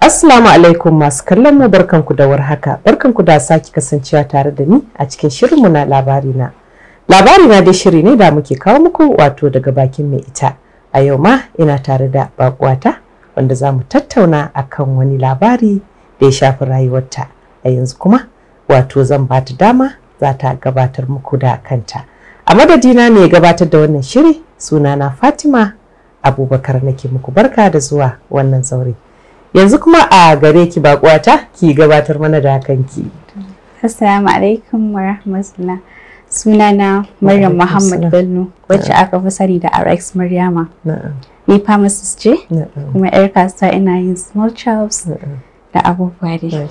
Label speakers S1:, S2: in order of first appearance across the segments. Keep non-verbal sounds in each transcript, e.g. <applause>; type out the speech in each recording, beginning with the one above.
S1: Assalamu alaikum masu kallon mu barkanku da warhaka barkanku da sake kasancewa tare da ni a cikin shirinmu na labari na. Labari na dai shiri ne da muke kawo muku wato daga bakin mai ita. A yau ma ina tare da bakwata wanda za mu tattauna akan wani labari da ya shafi rayuwarta. A yanzu kuma wato zan ba ta dama za ta gabatar muku da kanta. A madadina ne gabatar da wannan shiri sunana Fatima Abubakar nake muku barka da zuwa wannan zaure. yanzu kuma a gare ki bakwata ki gabatar mana da kanki
S2: assalamu alaikum wa rahmatullah sunana maryam muhammad bello wacce aka fi sani da rx maryama ni pharmacist ce kuma yar kasuwa ina yin small chops da abubuwa dai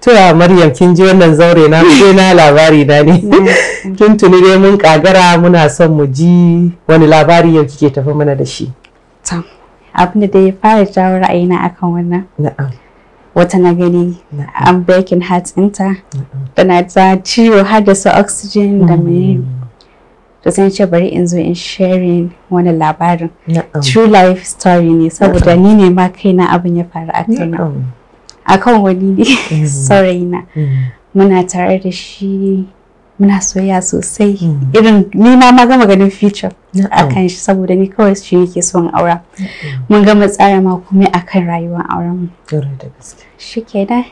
S1: tuwa maryam kin ji wannan zaure na ko na labari na ne <laughs> tun tuni dai mun kagara muna son mu ji wani labari yau kike tafi mana da shi
S2: abin da ya fara jawo ra'ayina akan wannan wata na gani an breaking heart ɗinta tana ta ciwo har da su oxygen da mai mm. to sai ce bari in zo in sharing wani labarin true life story ne saboda ni ne ma kaina abin ya faru a kan akan wani ne saurayina mm. <laughs> mm. muna tare da shi muna soyayya sosai hmm. irin ni ma ma gama ganin future a kan shi saboda ni kawai shi yake son aura mun gama tsara ma komai akan rayuwar auren mu shi kenan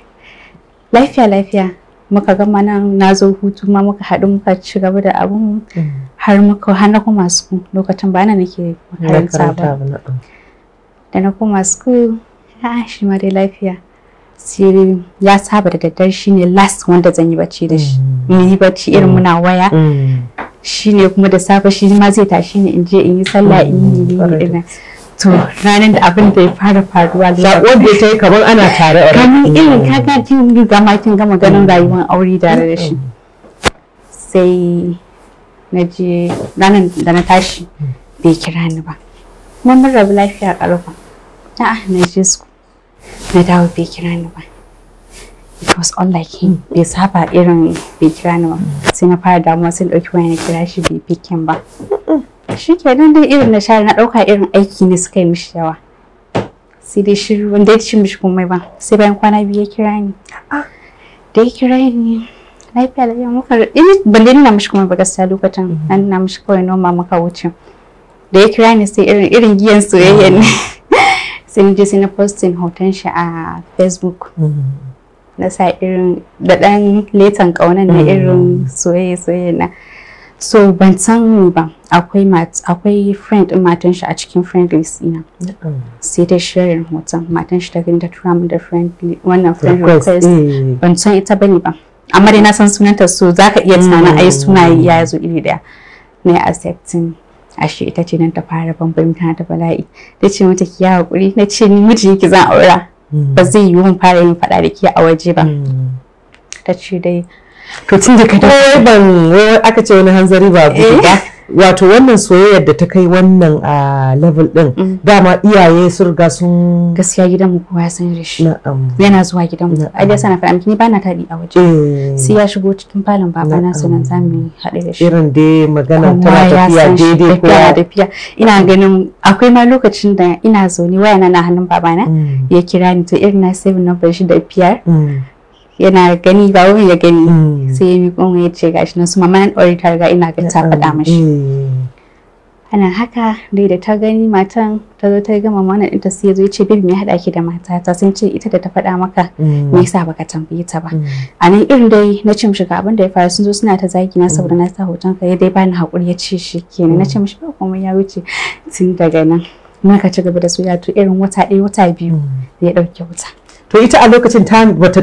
S2: lafiya lafiya muka gama nan na zo hutu ma muka haɗu muka ci gaba da abun hmm. har muka har na koma school lokacin ba na nake makaranta ba da na koma school a ah, shi ma dai lafiya sai ya saba da daddare shine last wanda zan yi bacci da shi in mm. yi bacci irin mm. muna waya mm. shine kuma da safe shi ma zai tashi ne in je in yi sallah in yi ina to ranar da abin da ya fara faruwa da sakon da ta yi kamar ana tare a kamar irin kaka kin riga gama kin gama ganin rayuwar aure da da shi sai na je ranar da na tashi bai kira ni ba kuma mun rabu lafiya karfa na na je su na dawo bai kira ni ba it was all like him bai saba irin bai kira ni ba sai na fara damuwa sai dauki waya na kira shi bai bikin ba shi kenan dai irin na share na dauka irin aiki ne suka yi mishi yawa sai dai shi wanda ya ci mishi komai ba sai bayan kwana biyu ya kira ni ah. da ya kira ni lafiya lafiya muka ini ban dai nuna mishi komai ba gaskiya lokacin an nuna mishi kawai noma muka wuce da ya kira ni sai irin irin giyan soyayya ne sai na je sai postin hoton shi a facebook mm-hmm. na sa irin da ɗan letan ƙaunar na mm-hmm. irin soyayya-soyayya na so ban san mu ba akwai akwai friend din matan shi a cikin friend list ina mm-hmm. sai ta share hoton matan shi ta gani ta tura min da friend wannan friend request eh. ban san ita bane ba amma dai na san sunanta so zaka iya tunanin ai suna ya zo iri daya na accepting ashe ita ce nan ta fara bambam ta bala'i ta ce mata ki ya hakuri na ce ni miji ki zan aura hmm. ba zai yi mun fara yin faɗa da ke a waje ba hmm. ta ce dai
S1: to tun da ka da ban aka ce wani hanzari ba ba eh.
S2: wato wannan soyayyar da ta kai wannan a level din mm. dama iyaye sun riga sun gaskiya gidan mu kowa ya san da shi yana zuwa gidan mu ai dai sana faɗa ni bana taɗi a waje eh. sai ya shigo cikin falon baba na sunan zamu haɗe da shi irin dai magana tana tafiya daidai ko ya tafiya ina ganin akwai ma lokacin da ina zaune waya na hannun baba na mm. ya kira ni to irin na 7 number shi da 5 yana gani ba wani ya gani mm. sai ya miƙon ya e ce gashi na su mama nan ɗori ta riga ina ga ta faɗa mashi mm. ana haka dai da ta gani matan ta zo ta gama mana ɗinta sai ya zo ya ce bibi mai haɗa ki da mata ta sun ce ita da ta faɗa maka mm. me yasa baka tambaye ta ba a nan irin dai na ce mishi ga abin da ya faru sun zo suna ta zaki na saboda na sa hoton ka ya dai bani hakuri ya ce shi kenan na ce mishi ba komai ya wuce tun daga nan ka ci gaba da su ya to irin wata ɗaya wata biyu ya ɗauke wuta
S1: to ita a lokacin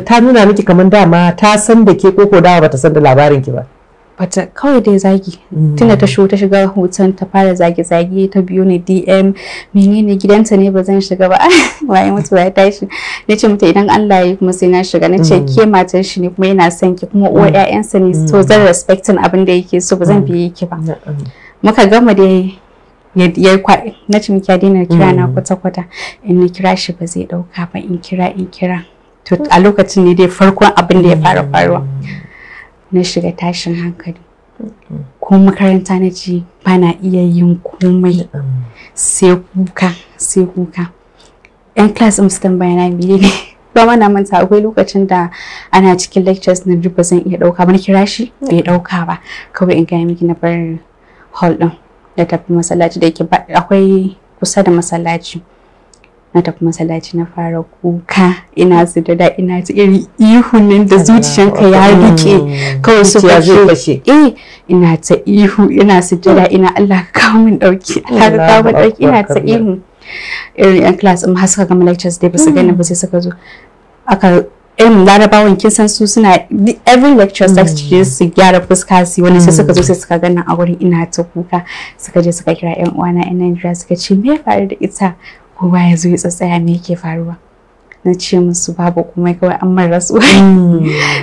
S1: ta nuna miki kamar dama ta san da ke koko dawa bata san da labarin ki ba
S2: bata kawai dai zagi mm. tunda ta ta shiga hoton ta fara zage zage ta biyo ne dm menene gidanta ne ba zan shiga ba <laughs> waye mutu waye tashi na ce mata idan Allah ya kuma sai na shiga na ce mm. ke matan shi ne kuma yana son ki kuma uwa mm. ƴaƴansa ne so zan respecting abin da yake so ba zan biye ki ba muka gama dai ya kwa na ci miki daina kira na mm. kwata kwata in na kira shi ba zai dauka ba in kira in kira to a lokacin ne dai farkon abin da ya fara mm. faruwa na shiga tashin hankali mm. ko makaranta na ji ba na iya yin komai sai kuka sai kuka yan class din su tambaya na mene ne <laughs> ba mana manta akwai lokacin da ana cikin lectures na ba zan iya dauka ba na kira shi bai dauka ba kawai in ga miki na bar hall din na tafi masallaci da yake akwai kusa da masallaci na tafi masallaci na fara kuka ina su da ina ta iri ihunin da zuciyanka ya rike hmm. kawai su kashe eh ina ta ihu ina su da ina Allah ka kawo min dauki Allah ka kawo min dauki ina ta ihu irin yan class din har suka gama lectures dai ba su gani ba sai suka zo aka irin larabawan kin san su suna every lecture sex su su gyara fuska su wani sai suka zo sai suka gana a wurin ina ta kuka suka je suka kira yan uwana yan nigeria suka ce me faru da ita kowa ya zo ya tsatsaya me yake faruwa na ce musu babu komai kawai an mara rasuwa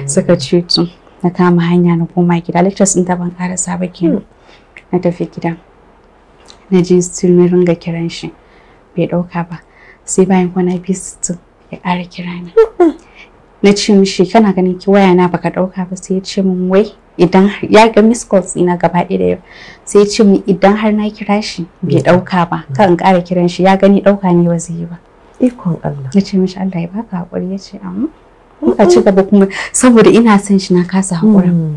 S2: suka ce to na kama hanya na koma gida lectures din ta ban karasa ba kenan na tafi gida na je still ringa kiran shi bai dauka ba sai bayan kwana biyu ya ƙara kira ni na ce mishi kana ganin ki waya na baka dauka ba sai ya ce min wai idan ya ga miss calls ina gaba da yau sai ya ce min idan har na kira shi bai dauka ba kan kara kiran shi ya gani dauka ne ba zai yi ba ikon Allah ya ce mishi Allah ya baka hakuri ya ce amma ka ci gaba kuma saboda ina son shi na kasa hakura hmm.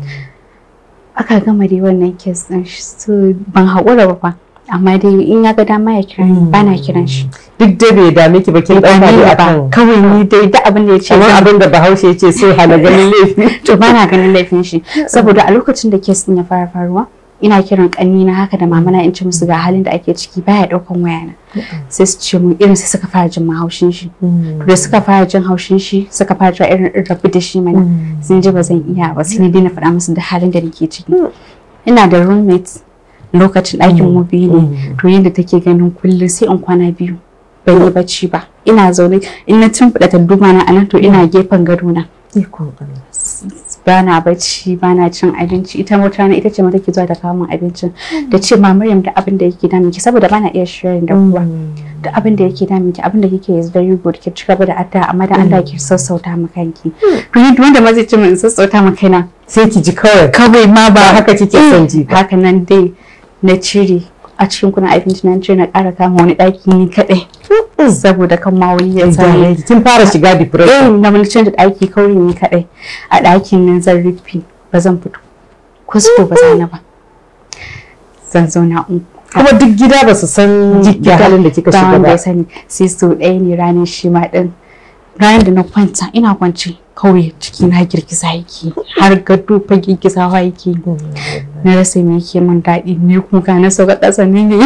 S2: aka gama dai wannan kes din so ban hakura ba fa amma dai in ya ga dama ya kira ni hmm. bana kiran shi duk da
S1: bai dame ki ba kin dauka ba kawai ni dai da abin da yace amma abin da Bahaushe yace sai hana ganin <laughs>
S2: laifi to bana ganin laifin shi saboda a lokacin da case din ya fara faruwa ina kiran kanni na haka da mamana in ci musu ga halin da ake ciki baya daukan wayana sai su ce mun irin sai suka fara jin haushin shi to hmm. da suka fara jin haushin shi suka fara jin irin rabu da shi mana hmm. sun ji ba zan iya ba sai na faɗa musu da halin da nake ciki ina da roommate lokacin ɗakin mm. mu biyu ne mm. to yadda take ganin kullum sai in kwana biyu bai yi bacci ba ina zaune in na tumbuɗa tanduma na anan to ina mm. gefen gado na bana bacci bana cin abinci ita mota na ita ce mata ke zuwa da kawo abincin da ce ma Maryam da abin da yake da miki saboda bana iya sharing da kowa da abin da yake da miki abin da kike is very good ki ci gaba da addu'a amma da Allah ki sassauta mu kanki to ni wanda ma zai ce in sassauta mu kaina sai ki ji kawai kawai ma ba haka kike son ji haka nan dai na cire a cikin kuna abinci na cire na ƙara kama wani ɗaki ni kaɗai saboda kan ma wani ya zai kin fara shiga depression eh na mun canza ɗaki kawai ne kaɗai a ɗakin nan zan rufe ba zan fito kusko ba zan ba zan zauna in kuma duk gida ba su san mm, jikin da kika shiga ba sani sai so ɗaya ne ranar shi ma ɗin ranar da na kwanta ina kwance kawai ciki na girgiza yake har gado fa girgizawa yake mm. na rasa me yake min daɗi ne kuka na sauka ƙasa ne ne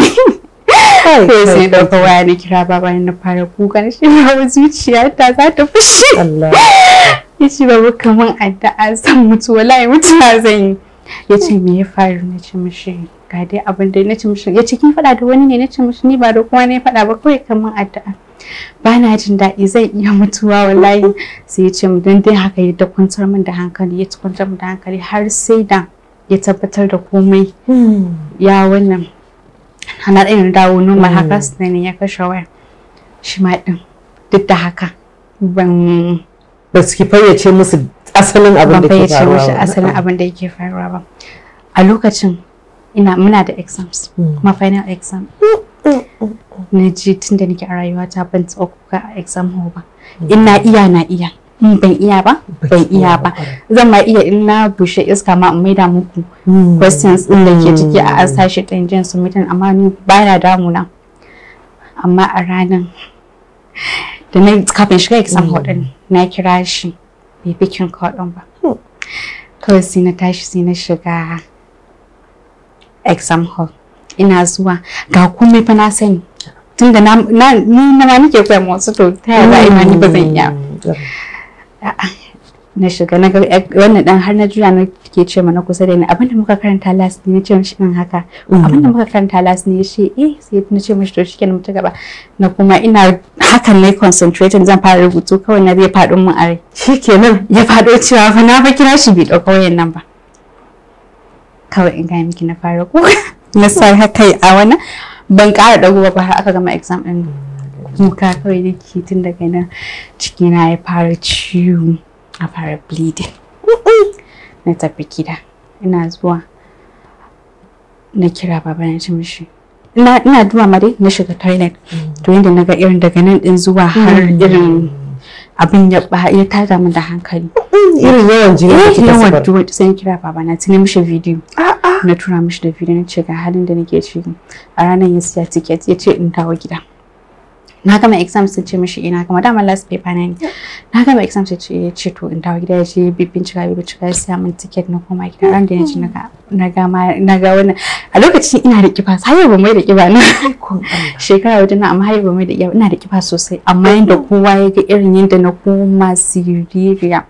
S2: kawai sai ɗauka waya na kira baba na fara kuka na shi yawa zuciya ta za ta fushi ya ce babu kamar addu'a san mutu wallahi mutuwa zan yi ya ce me ya faru na ce mishi ga dai abin da na ce mishi ya ce kin faɗa da wani ne na ce mishi ni ba da kuma ne faɗa ba kawai kamar addu'a ba na jin daɗi zan iya mutuwa wallahi sai ya ce mu don dai haka ya ta kwantar min da hankali ya kwantar min da hankali har sai da ya tabbatar da komai ya wannan ana ɗin dawo normal haka hmm. ne ya kashe waya shi ma ɗin duk da haka ban
S1: ba su fayyace musu
S2: asalin abin da ke faruwa ba asalin abin da yake faruwa ba a lokacin ina muna da exams hmm. kuma final exam hmm, na ji tun da nake a rayuwa ta ban tsoko ka a exam hall ba ina iya na iya ban oh, iya ba ban iya ba zan ma iya in na bushe iska ma in maida muku hmm. questions din da ke ciki a asashi hmm. sashi ɗin jin su mutum amma ni baya damuna amma a ranan da na kafin shiga exam din hmm. na kira shi bai bikin kodin ba kawai sai na tashi sai na shiga exam hall ina zuwa ga komai fa na sani tunda na ni na nake koyan wasu to ta yaya ina ni ba zan iya na shiga na eh, wannan dan har na juya na ke ce mana kusa da ni abinda muka karanta last ne ce mishi din haka mm. abinda muka karanta last ne shi eh sai na ce mishi to shikenan ta gaba na kuma ina hakan ne concentrating zan fara rubutu kawai na zai fadin mun are shikenan ya fado cewa fa na fa kira shi bi dauka wayan nan ba kawai in ga miki na fara ko <laughs> na sai haka a wannan ban ƙara dago ba har aka gama exam din kuka kawai nake tun daga nan cikina ya fara ciwo a fara bleeding na tafi gida ina zuwa na kira baba na ci mishi ina duwa ma dai na shiga toilet mm. to yadda na ga irin daga nan din zuwa har mm. irin abin ya ya tada min da hankali mm, irin yawan jini da eh, kika yawan duwa sai kira baba na tuni mishi video na tura mishi da video na ce ga halin da nake ciki a ranar ya siya ticket ya ce in dawo gida na gama exam sun ce mishi ina eh, gama dama last paper na ne na gama exam sun ce ce to in dawo gida ya ce cika bincika ya siya amin ticket na koma gida ran da ya ce na ga na ga wannan a lokacin ina da kiba sai ba mai da kiba ne shekara wajen na amma har ba mai da kiba ina da kiba sosai amma yanda kowa ya ga irin yanda na koma siriya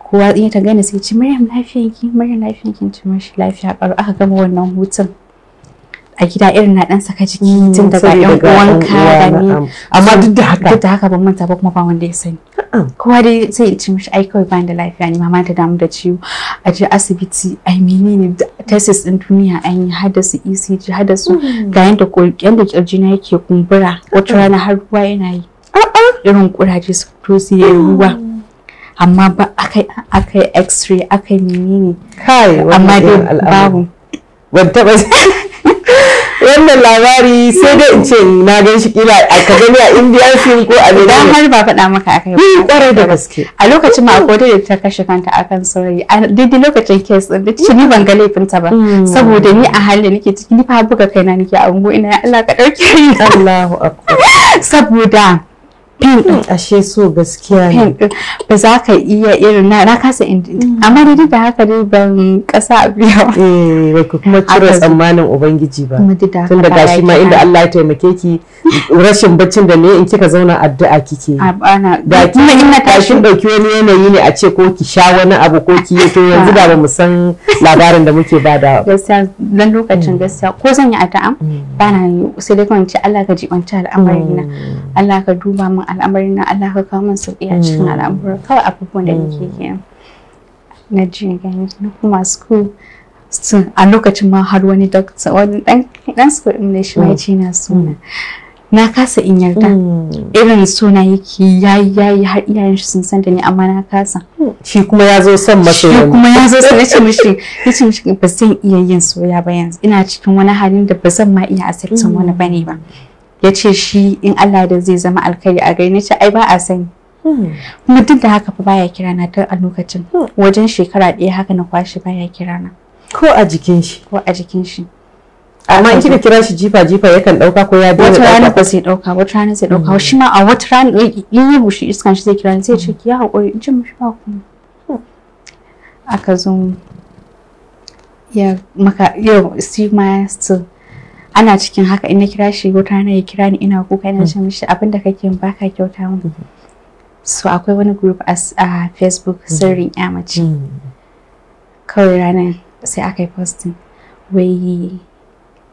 S2: kowa in ta gane sai ce Maryam lafiyanki Maryam lafiyanki ce mashi lafiya karo aka gama wannan hutun a gida irin na dan saka jiki mm, tun daga yan uwanka da ni amma duk da haka duk da haka ban manta ba kuma ba wanda ya sani kowa dai sai in ci mishi ai kawai bayan da lafiya ne mama ta damu da ciwo a je asibiti ai menene tesis din duniya an yi har da su ECG har da su mm. ga yanda yanda kirji na yake kumbura wata rana har ruwa yana yi irin kuraje su fito su yi mm. ruwa amma ba akai akai x-ray akai menene amma dai babu <laughs> wannan labari sai dai in ce na gan shi kila a ka a indian ko a da har ba faɗa maka akai ba kwarai da gaske a lokacin ma akwai da ta kashe kanta akan saurayi a daidai lokacin kes din da ni ban ga laifin ta ba hmm. saboda ni a halin nake ciki ni fa buga kaina nake a ungo ina Allah ka dauke ni Allahu akbar <laughs> saboda pain din mm, ashe so gaskiya ne ba za ka iya irin na kasa kasa mm. amma da duk da haka dai ban kasa a biya eh ba ku kuma cire
S1: tsammanin ubangiji ba tun da gashi ma inda Allah ya taimake ki rashin baccin da ne in kika zauna
S2: addu'a kike da kina in na
S1: tashin dauki wani yanayi ne a ce ko ki sha wani abu ko ki yi to yanzu da ba mu san labarin da muke bada
S2: gaskiya dan lokacin gaskiya ko zan yi addu'a mm. ba na sai dai kawai Allah ka ji al'amari na Allah ka duba min al'amarin na Allah ka kawo min sauki a cikin mm. al'amura kawai abubuwan da nake kenan mm. na ji gani na kuma su a lokacin ma har wani dokta wani dan su din da shi mai ce na suna mm. na kasa in yarda irin suna yake yayi yayi har iyayen shi sun san da ni amma na kasa shi kuma ya zo son masoyi shi kuma ya zo son <laughs> nace mishi yace mishi ba zan iya yin soya ba yanzu ina cikin wani halin da ba zan ma iya asirtin wani bane ba ya ce shi in Allah da zai zama alkai a gare ce ai ba a sani hmm. kuma duk da haka fa baya kira na tun a lokacin hmm. wajen shekara ɗaya haka na kwashi baya kira na ko a jikin shi ko a jikin shi amma in kika kira
S1: shi jifa jifa yakan dauka ko ya daina dauka wata rana ba
S2: sai dauka wata rana sai dauka hmm. shi ma a wata rana in yi bushi iskan shi zai kira sai ce ki ya hakuri in ce mushi ba ku aka zo ya maka yau si ma still ana cikin haka in na kira shi wata na ya kira ni ina kuka ina ce hmm. mishi abin da kake ba ka kyauta mu hmm. so akwai wani group a uh, facebook hmm. sirrin ya mace kawai ranar sai aka yi posting wai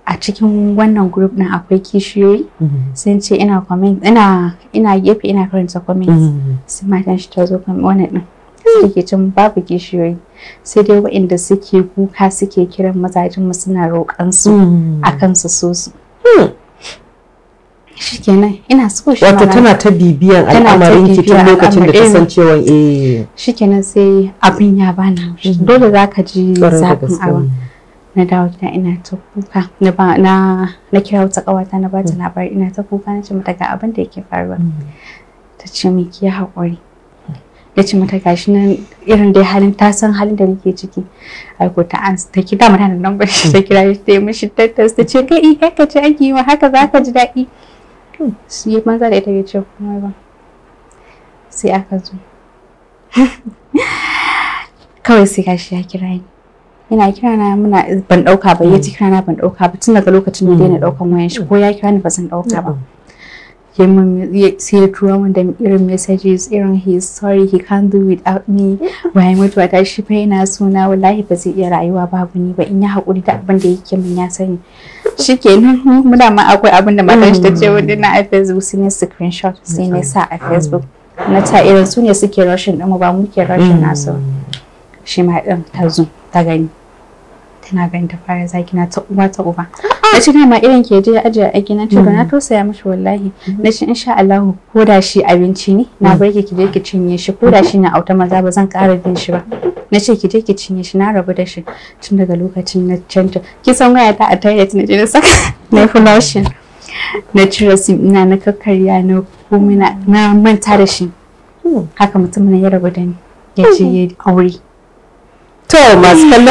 S2: a cikin wannan group din akwai kishiyoyi sun ce ina comment ina ina gefe ina karanta comments Sun matan shi ta zo wannan din sai ke cin babu kishiyoyi sai dai waɗanda suke kuka suke kiran mazajen mu suna roƙan su hmm. kan su so su hmm. kenan ina so shi wato tana ta bibiyan al'amarin ki tun lokacin da ta san
S1: cewa eh
S2: kenan sai abin ya bana hmm. dole za ka ji zafin awa. na dawo gida ina ta kuka na ba na na kira wata kawata na bata labari ina ta kuka na ce mata ga abin da yake faruwa ta ce miki ya haƙuri ya ce mata gashi nan irin dai halin ta san halin da nake ciki ai ko ta an ta kira mata da nan shi ta kira shi ta yi mishi tattas ta ce kai haka ce ake yi wa haka za ka ji daɗi su yi manza da ita ya ce kuma ba sai aka zo <laughs> kawai sai gashi ya kira ni yana kira na muna ban ɗauka ba ya ci kira na ban ɗauka ba tun daga lokacin da daina mm. ɗaukan wayan shi ko ya kira ni ba zan ɗauka ba mm. ya sai ya tura irin messages irin he sorry he can't do without me waye mutuwa ta shi fai yana suna wallahi ba zai iya rayuwa babu ni ba in ya haƙuri da abinda da yake min ya sani shikenan muna ma akwai abin da matar ta ce na a facebook sai ne screenshot sai ne sa a facebook na ta irin su ne suke rashin ɗin ba mu ke rashin nasu mm. shi ma ɗin ta zo ta gani tana ganin ta fara zaki na ta uwa ta uba ah. na ce dama irin ke je ajiye aiki na ce na mm. tausaya mashi wallahi mm-hmm. na ce insha Allah ko da shi abinci ne na mm. bar ki je ki cinye shi ko da shi na auta maza ba zan ƙara bin shi ba na ce ki je ki cinye shi na rabu da shi tun daga lokacin na canta ki san waya ta a ta na je na saka <laughs> na fulashin na cire sim ina na kakkarya na komai na manta da shi hmm. haka mutum na ya rabu da ni ya ce ya aure
S1: To masu kallon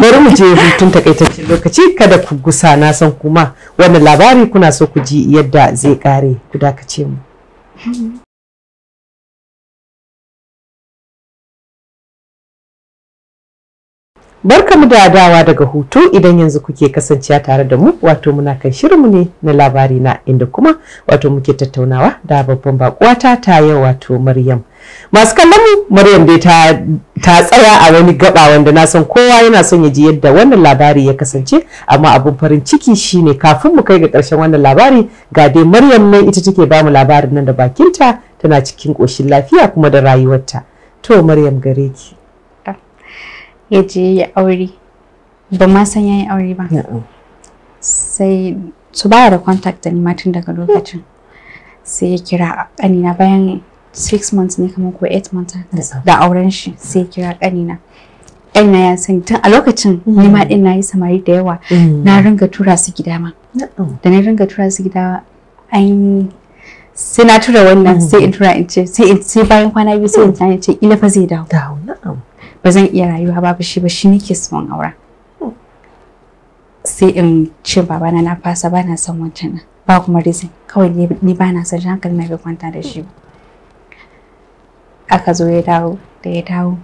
S1: bari mu je hutun takaitaccen lokaci kada ku gusa na san kuma wani labari kuna so ku ji yadda zai kare ku dakace mu. Barka mu da dawa daga hutu idan yanzu kuke kasancewa tare da mu wato muna kan shirinmu ne na labari na inda kuma wato muke tattaunawa da babban bakuwata ta yau wato Maryam. masu kallon maryam dai ta tsaya a wani gaba wanda na san kowa yana son ya ji yadda wannan labari ya kasance amma abin farin ciki shine kafin mu kai ga ƙarshen wannan labari ga dai maryam nan ita take ba mu labarin nan da bakinta tana cikin ƙoshin lafiya kuma da rayuwarta to maryam gare ki
S2: ah, ya je ya aure ba ma san ya yi aure ba sai su ba da contact da ni tun daga lokacin sai ya kira ƙanina bayan six months ne kamar ko eight months da auren shi sai kira ƙanina ƙanina ya san tun a lokacin ni ma ɗin na yi samari da yawa mm. na ringa tura su gida ma da na ringa tura su gida an sai na tura wannan mm. sai in tura in ce sai bayan kwana biyu sai in tana ce ila fa zai dawo ba zan iya rayuwa babu shi ba shi nake son aura mm. sai in ce babana na fasa ba na son wancan ba kuma reason kawai ni ba na son hankali na bai kwanta da shi ba aka zo ya dawo da ya dawo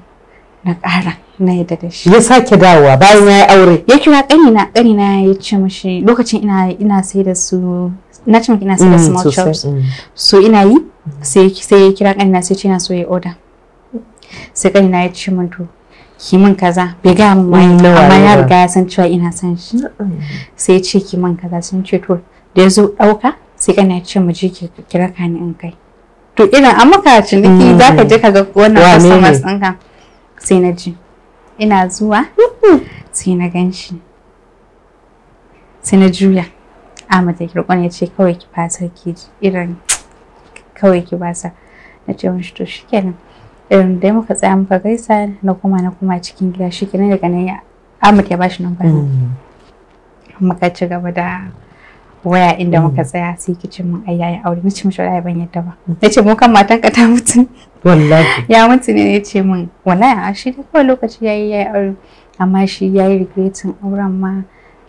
S2: na ƙara na yadda da shi ya
S1: sake dawowa bayan ya yi aure
S2: ya kira ƙani na ya ce mashi lokacin ina ina sai da su na ce ina sai da mm, small chops mm. so ina yi sai ya kira na sai ce na so ya order sai na ya ce min to ki min kaza bai gaya mun wani mm, amma ya riga ya san cewa ina san shi sai ya ce ki min kaza sun ce to da ya zo ɗauka sai ƙanina ya ce mu je ki kira ka ni in kai to irin an maka ciniki mm. za ka je ka ga wannan customers ɗinka sai na ji ina zuwa sai na gan shi sai na juya Ahmad ya kirkon ya ce kawai ki fasa ki irin <tsk> kawai ki basa na ce mishi to shikenan irin dai muka tsaya muka gaisa na kuma na kuma cikin gida shikenan daga nan Ahmad ya ba ne. Mm. muka ci gaba da waya inda muka mm. tsaya sai ki ce mun ai yayi aure nace mishi wallahi ban yadda ba nace mu kan matan ka ta mutu wallahi <laughs> ya mutu ne ce mun wallahi a shi kowa lokaci yayi yayi aure amma shi yayi regretin auren ma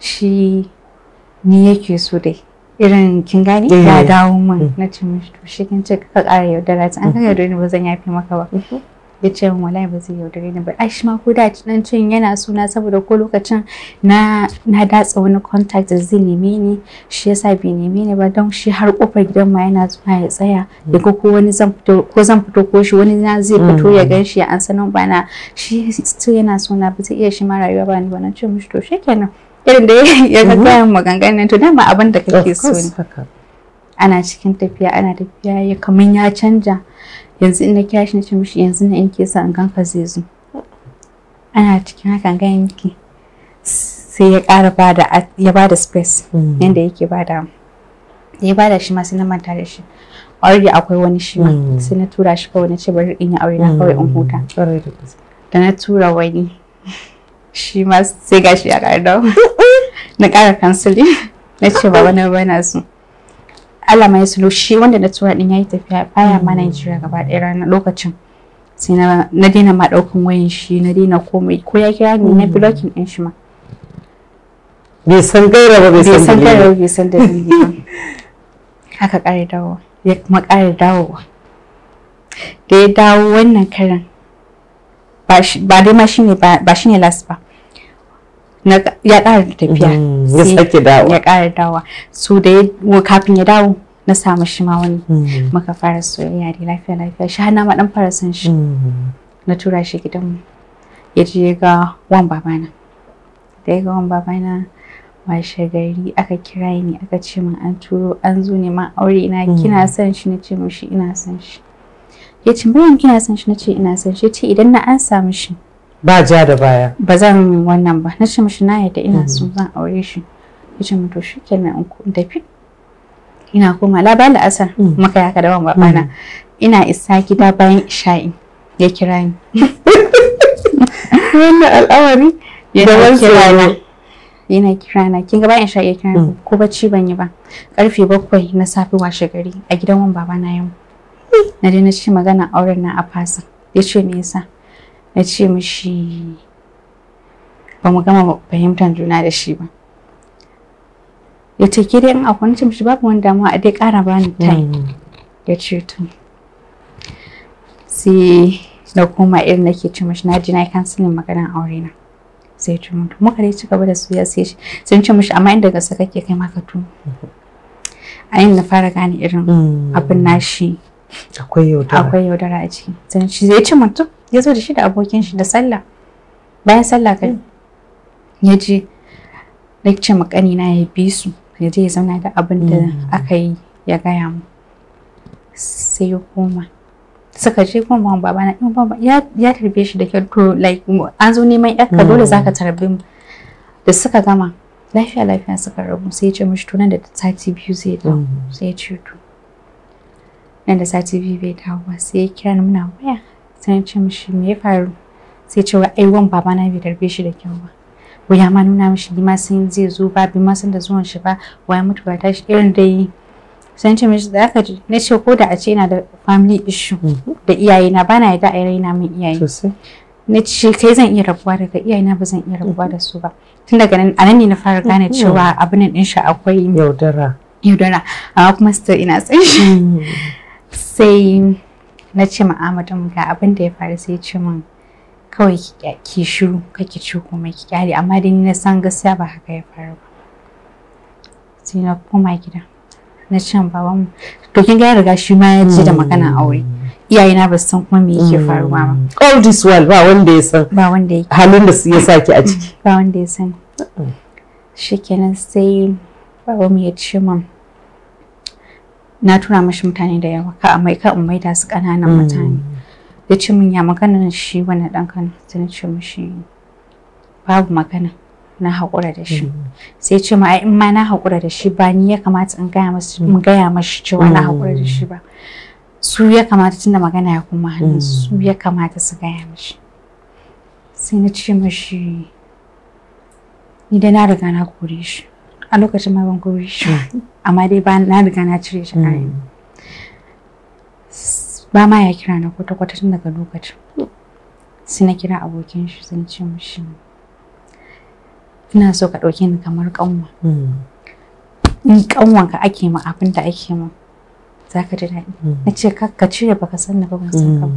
S2: shi ni yake so dai irin kin gani ya eh. dawo mun mm. nace mishi to shi kin ce ka ƙara yaudara ta an mm-hmm. ka yaudara ni ba zan yafe maka ba mm-hmm. ya ce min wallahi ba zai yaudare ni ba ai shi ma ko da nan cin yana suna saboda ko lokacin na na datsa wani contact da zai neme ni shi yasa bai neme ni ba don shi har kofar gidan ma yana zuwa ya tsaya da ko wani zan fito ko zan fito ko shi wani na zai fito ya mm. gan shi an sanin bana shi still yana suna ba zai iya shi ma rayuwa ba ni ba na ce mishi to shekenan irin da <laughs> ya ga mm-hmm. kayan maganganun to dama abin da kake so ana cikin tafiya ana tafiya ya kaman ya canja yanzu in na kira shi na ce mishi yanzu na in ke sa in ganka zai zo ana cikin hakan ga yanki sai ya ƙara bada ya bada space mm. yanda yake bada ya bada shi ma sai na manta da shi already akwai wani shi ma mm. sai na tura shi kawai na ce bari in yi aure na kawai in mm. huta da na tura wani shi ma sai gashi ya ƙara dawo <laughs> na ƙara kansili na ce ba wani bana so Allah mai ya sulo shi wanda na tura din yayi tafiya baya mm. ma Najeriya gaba ɗaya ranar lokacin sai na na daina ma daukan wayan shi na dina komai ko ya kira ni na mm. blocking din shi ma
S1: bai san gaira ba bai san gaira ba bai
S2: san dalili ba <laughs> haka kare dawo ya kuma kare dawo. da ya dawo wannan karin ba dai ma shine ba shine last ba ya ƙara tafiya mm, ya sake dawa ya ƙara dawa su da ya kafin ya dawo na samu shi ma wani mm. muka fara soyayya da lafiya lafiya shi har na ma dan fara san shi mm. na tura shi gidanmu ya je ga wan babana da ya ga wan babana washe gari aka kira ni aka ce min an turo an zo ne ma aure na kina san shi na ce mishi ina san shi ya ce bayan kina san shi na ce ina san shi ya ce idan na an samu shi
S1: ba ja da baya
S2: ba zan wannan ba na ce mishi na yadda ina so mm-hmm. zan aure shi ya ce to shi kenan in tafi ina koma labarin asar maka mm. ya kadawan babana mm. ina isa gida bayan isha'i ya kira ni wannan al'awari Da kira na yana kira na kin ga bayan isha'i ya kira ni mm. ko bacci ban yi ba karfe bakwai na safe washe gari a gidan wani babana yau na dai na ci magana auren na a fasa ya ce me yasa na ce mishi ba mu gama fahimtar juna da shi ba ya ce dai in akwai ce mishi babu wani damuwa a dai ƙara bani time hmm. ya ce to sai na koma irin nake ce mishi na ji na kansilin maganar aure na sai ya ce mutu muka dai ci gaba da su ya sai sun ce mishi amma inda gasa kake kai maka tu hmm. a yin na fara gane irin hmm. abin nashi
S1: akwai yaudara akwai
S2: yaudara a ciki sai shi zai ci mutum ya zo da shi da abokin shi da sallah bayan sallah kai hmm. ya je lecture makani na ya bi su ya je ya zauna da abin da hmm. aka yi ya gaya mu sai ya koma suka je kuma baba na in baba ya ya tarbe shi da kyau to like an zo neman yakka dole hmm. zaka tarbe mu da suka gama lafiya lafiya suka rabu sai ya ce mishi tunan da da sati biyu zai dawo sai ya ce to nan da sati biyu bai ba sai ya kira ni muna waya sai ya ce mishi me ya faru sai ce wa ai wan baba na bai tarbe shi da kyau ba waya ma nuna mishi ni ma sun zai zo ba bi ma sun da zuwan shi ba waya mutu ba tashi irin dai sai ce mishi da aka ji na ce ko da a ce ina da family issue da iyaye na bana yarda a raina min iyaye na ce kai zan iya rabuwa daga iyaye na ba zan iya rabuwa da su ba tun daga nan anan ne na fara gane mm-hmm. cewa abin din shi akwai yaudara yaudara amma kuma still ina shi. Mm-hmm. sai na ce ma'amadin ga abin da ya faru sai ce min kawai ki shiru kake ci kuma ki kyale amma da ni na san gaskiya ba haka ya faru ba sai na koma gida na ce baban to kin ga riga shi ma ya ce da magana aure iyaye na ba san kuma me yake mm. faruwa ba all this while ba wanda ya san ba wanda ya halin da ya saki a ciki ba wanda ya san shikenan sai baban ya ce min na tura mashi mutane da yawa ka amai ka umai da su kananan mm. mutane ya ce min ya magana shi wani dan kan sai ce mishi babu magana na haƙura da shi mm. sai ce ma in ma na haƙura da shi ba ni ya kamata in gaya masu in mm. gaya mashi cewa na haƙura da shi ba su ya kamata tunda magana ya kuma hannun su ya kamata su gaya mashi sai na ce mashi ni da na riga na kore shi a lokacin ma ban koyi shi hmm. amma dai ba na riga na cire shi kayan hmm. ba ma ya kira na kwata kwata tun daga lokacin sai na kira abokin shi sun ce mishi ina so ka dauke ni kamar kanwa hmm. in ka ake ma abin da ake ma za ka ji daɗi na ce ka cire baka san na ba ban san ka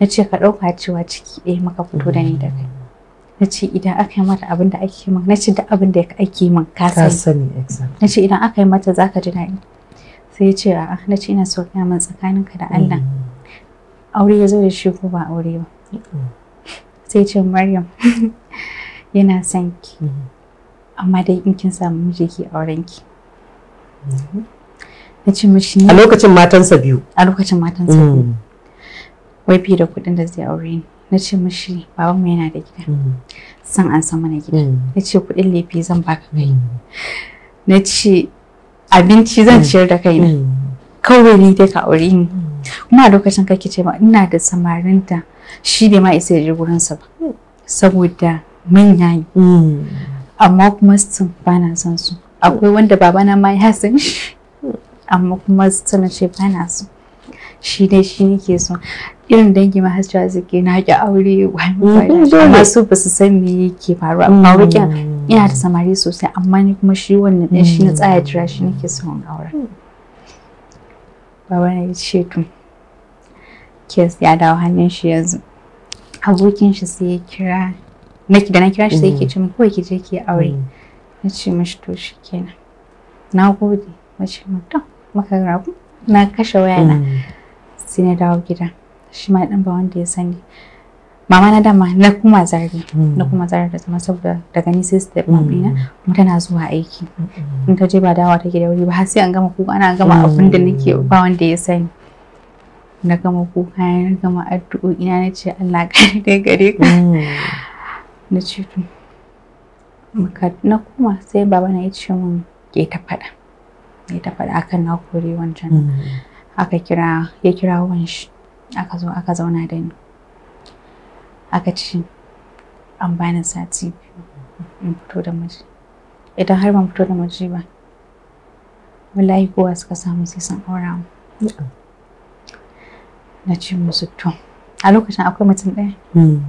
S2: na ce ka ɗauka cewa ciki ɗaya maka fito da ni da kai na ce idan aka yi mata abin da ake min na ce duk abin da ake min ka sani na ce idan aka yi mata za ka ji daɗi sai ya ce a'a na ce ina so mun min tsakaninka da Allah mm. aure ya zo da shi ko ba aure ba mm. sai ce Maryam <laughs> yana son ki mm. amma dai in kin samu miji ki auren ki na ce mishi a lokacin matansa biyu a lokacin matansa biyu wai fi da kuɗin da zai aure ni na ce babanmu yana da gida san mm. an san mana gida mm. na ce kuɗin lefi zan baka kai mm. na ce abinci zan ciyar da na kawai ni dai ka aure ni kuma a lokacin kake ce ma ina da samarinta shi bai ma isa ya je gurinsa ba saboda mun yayi amma kuma sun ba na san su akwai wanda babana ma ya san shi amma kuma sun ce ba na so shi ne shi nake so irin dangi ma har cewa zake na haƙi aure wani mm, amma su ba su san me yake faruwa amma mm. wakin ina da samari sosai amma ni kuma shi wannan ɗin shi na mm. tsaya jira shi nake so in aure baba ya ce to kes ya dawo hannun shi yanzu abokin shi sai ya kira da na kira shi sai yake ce min kawai ki je ki aure na ce mashi to shi kenan na gode na ce min maka rabu na kashe wayana sai na dawo gida shi ma ɗan ba wanda ya sani mama na dama na kuma zari na kuma zarar da zama saboda daga ni sai step mami na kuma tana zuwa aiki in ta je ba dawa take da wuri ba har sai an gama kuka ana gama abin da nake ba wanda ya sani na gama kuka na gama addu'o'i na ce Allah <laughs> kare dai gare ka na ce to na kuma sai baba na ya ce min ke ta faɗa ke ta faɗa akan na kore wancan aka kira ya kira shi aka zo aka zauna da ni aka ci an bani sati in fito da miji idan har ban fito da miji ba wallahi kowa suka samu sai sun aura mu na ce musu to a lokacin akwai mutum ɗaya hmm.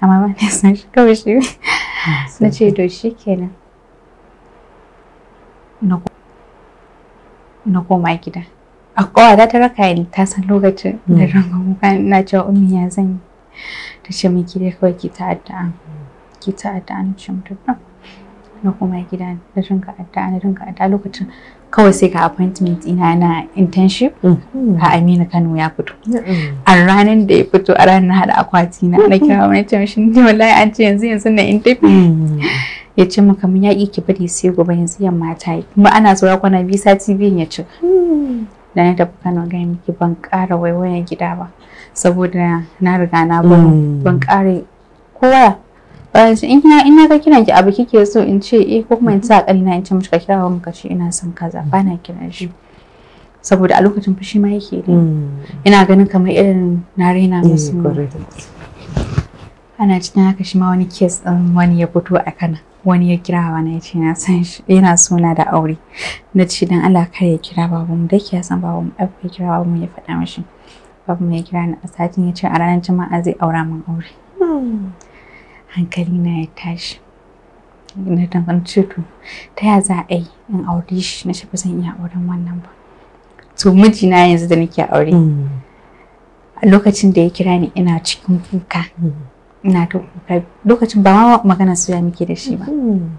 S2: amma ba ne san shi kawai shi hmm. na ce to shi kenan na koma gida a kowada ta raka ni ta san lokacin mm. da rangon kuka na cewa ummi ya zan yi ta ce min kira dai kawai ki ta addu'a ki ta addu'a na ce mutum na kuma gida na rinka addu'a na rinka addu'a lokacin kawai sai ga appointment ina na internship mm-hmm. a Aminu Kano ya fito. Mm-hmm. A ranar da ya fito a ranar na haɗa akwati na na kira wani ce mishi ne wallahi an ce yanzu yanzu na interview. Mm-hmm. Ya ce mu kamar yaƙi ki bari sai gobe yanzu yamma ta yi. Kuma ana so kwana visa TV ya ce da na tafi Kano ga miki ban ƙara waiwayan gida ba saboda na riga na mm. ban ƙare kowa in na ina ga kiran ki abu kike so in ce eh ko kuma in sa na in ce mishi ka kira wa shi ina son kaza bana kiran shi saboda a lokacin fushi ma yake ne mm. ina ganin kamar irin na raina eh, musu ana cikin haka shi ma wani kes din wani ya fito a kana wani ya kira ba na ya ce na san shi yana suna da aure na ce dan Allah kar ya kira babanmu da yasan ya san babanmu ai ya kira mu ya faɗa mishi mu ya kira ni a satin ya ce a ranar juma'a zai aura min aure hankali na ya tashi na ce ta ya za a yi in aure shi na shi zan iya auren wannan ba to mijina yanzu da nake aure hmm. a lokacin da ya kira ni ina cikin kuka hmm. na ta kuka lokacin ba ma magana su ya muke da shi ba mm.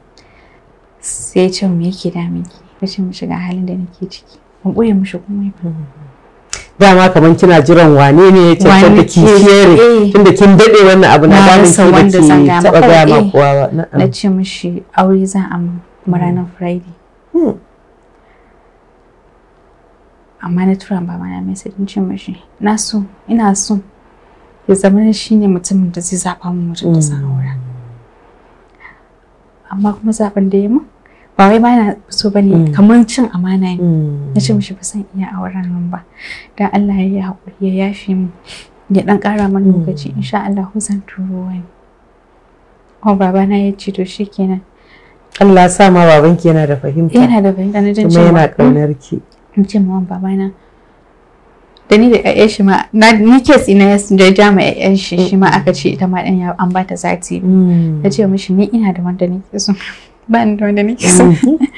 S2: sai ya ce mu yake da miki rashin mu shiga halin da nake ciki ban ɓoye mishi komai ba
S1: <laughs> dama kamar kina jiran wane ne ya cancanta ki shere eh. tunda kin dade wannan abu na damin ki da ki taɓa gaya ma eh. kowa ba na ce
S2: mishi aure zan a kuma ranar friday hmm. amma na tura ma na mai sadin ce mishi na so ina so ya zama shi ne mutumin da zai zaɓa mu mutum da zan amma kuma zaɓen da ya mun ba wai ba na so bane mm. kamar cin amana ne mm. na ce mishi ba san iya auren nan ba dan Allah ya haƙuri ya yafe mu ya dan ƙara mana mm. lokaci insha Allah zan turo wani kuma babana ya ce to shikenan
S1: Allah sa ma babanki yana da fahimta yana da fahimta na jin cewa yana hmm? kaunar ki
S2: in ce ma babana da ni da ƴaƴan shi ma na ni ke ina ya sun ja ma ƴaƴan shi shi ma aka ce ita ma ɗan ya an bata zati mm. ta ce mishi ni ina da wanda ni so <laughs> ba ni da wanda nake so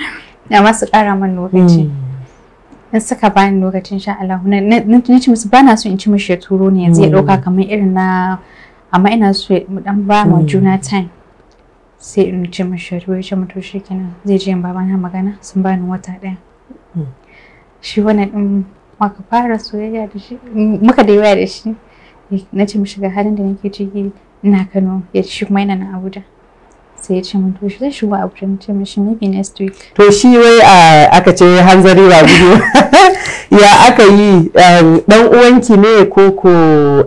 S2: <laughs> amma su ƙara man lokaci mm. in suka ba ni lokacin sha Allah na ce musu ba na so in ci mishi ya turo ne yanzu ya mm. ɗauka kamar irin na amma ina so mu dan ba ma juna time sai in ci mishi ya turo ya ce mutu shi kenan zai je in babana magana sun bani wata ɗaya shi wannan maka fara soyayya da shi muka da yawa da shi na ce mishi ga halin da nake ciki ina Kano ya ci kuma yana na Abuja sai ya ce mun to shi zai shigo Abuja na ce mishi maybe next week to
S1: shi wai aka ce hanzari ba gudu <laughs> ya aka yi dan uwanki ne ko ko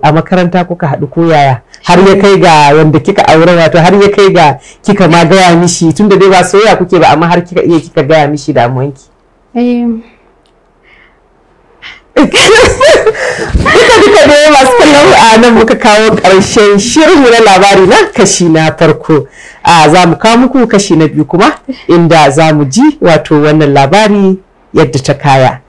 S1: a makaranta kuka haɗu ko yaya har ya kai ga wanda kika aure wato har ya kai ga kika ma gaya mishi tunda dai ba soyayya kuke ba amma har kika iya kika gaya mishi damuwanki
S2: eh duka duka da masu kallon
S1: a nan muka kawo ƙarshen shirin na labari na kashi na farko a za mu kawo muku kashi na biyu kuma inda za mu ji wato wannan labari yadda ta kaya